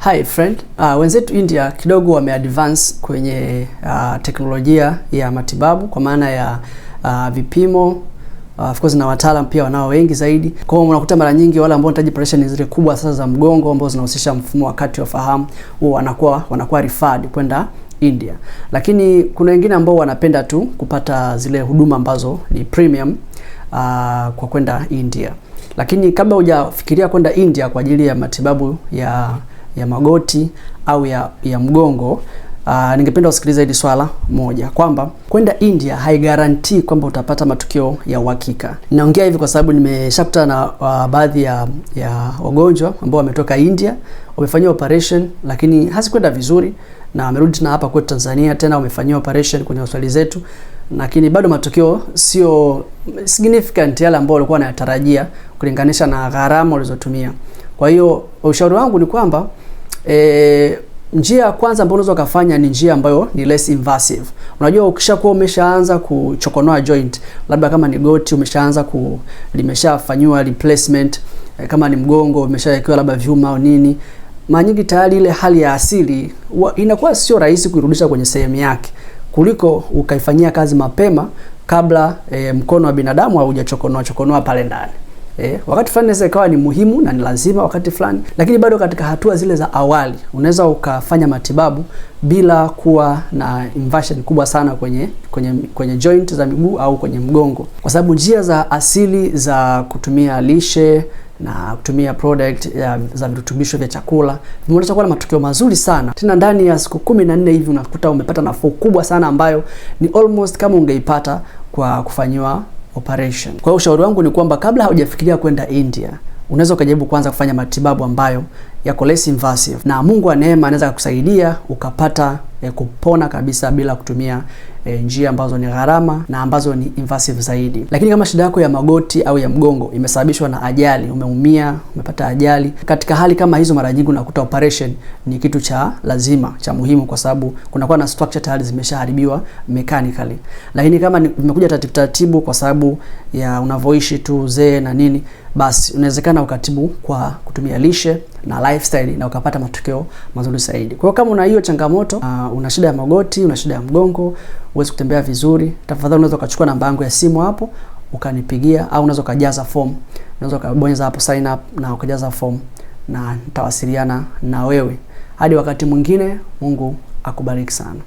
Hi friend, uh, wenzetu India kidogo wameadvance kwenye uh, teknolojia ya matibabu kwa maana ya uh, vipimo Uh, of course na wataalam pia wanao wengi zaidi. Kwa hiyo unakuta mara nyingi wale ambao wanahitaji pressure zile kubwa sasa za mgongo ambao zinahusisha mfumo wa kati wa fahamu huwa wanakuwa wanakuwa referred kwenda India. Lakini kuna wengine ambao wanapenda tu kupata zile huduma ambazo ni premium uh, kwa kwenda India. Lakini kabla hujafikiria kwenda India kwa ajili ya matibabu ya ya magoti au ya, ya mgongo Uh, ningependa usikilize hili swala moja kwamba kwenda India haigarantii kwamba utapata matukio ya uhakika. Ninaongea hivi kwa sababu nimeshakutana na uh, baadhi ya, ya wagonjwa ambao wametoka India wamefanyiwa operation lakini hazikwenda vizuri, na wamerudi tena hapa kwetu Tanzania tena wamefanyiwa operation kwenye hospitali zetu, lakini bado matukio sio significant yale ambayo walikuwa wanayatarajia kulinganisha na gharama walizotumia. Kwa hiyo ushauri wangu ni kwamba e, njia ya kwanza ambayo unaweza ukafanya ni njia ambayo ni less invasive. Unajua, ukishakuwa umeshaanza kuchokonoa joint, labda kama ni goti umeshaanza ku limeshafanywa replacement, e, kama ni mgongo umeshawekewa labda vyuma au nini, mara nyingi tayari ile hali ya asili inakuwa sio rahisi kuirudisha kwenye sehemu yake kuliko ukaifanyia kazi mapema kabla e, mkono wa binadamu haujachokonoa chokonoa pale ndani. Eh, wakati fulani inaweza ikawa ni muhimu na ni lazima wakati fulani, lakini bado katika hatua zile za awali unaweza ukafanya matibabu bila kuwa na inversion kubwa sana kwenye kwenye kwenye joint za miguu au kwenye mgongo, kwa sababu njia za asili za kutumia lishe na kutumia product za virutubisho vya chakula vimeonyesha kuwa na matokeo mazuri sana. Tena ndani ya siku kumi na nne hivi unakuta umepata nafuu kubwa sana ambayo ni almost kama ungeipata kwa kufanyiwa operation. Kwa hiyo ushauri wangu ni kwamba kabla haujafikiria kwenda India, unaweza ukajaribu kwanza kufanya matibabu ambayo yako less invasive, na Mungu wa neema anaweza kukusaidia ukapata eh, kupona kabisa bila kutumia e, njia ambazo ni gharama na ambazo ni invasive zaidi. Lakini kama shida yako ya magoti au ya mgongo imesababishwa na ajali, umeumia, umepata ajali, katika hali kama hizo, mara nyingi unakuta operation ni kitu cha lazima cha muhimu, kwa sababu kunakuwa na structure tayari zimeshaharibiwa mechanically. Lakini kama imekuja taratibu taratibu, kwa sababu ya unavyoishi tu zee na nini, basi unawezekana ukatibu kwa kutumia lishe na lifestyle na ukapata matokeo mazuri zaidi. Kwa hiyo kama una hiyo changamoto uh, una shida ya magoti, una shida ya mgongo uweze kutembea vizuri, tafadhali unaweza ukachukua namba yangu ya simu hapo ukanipigia, au unaweza ukajaza form, unaweza ukabonyeza hapo sign up na ukajaza form na nitawasiliana na wewe. Hadi wakati mwingine, Mungu akubariki sana.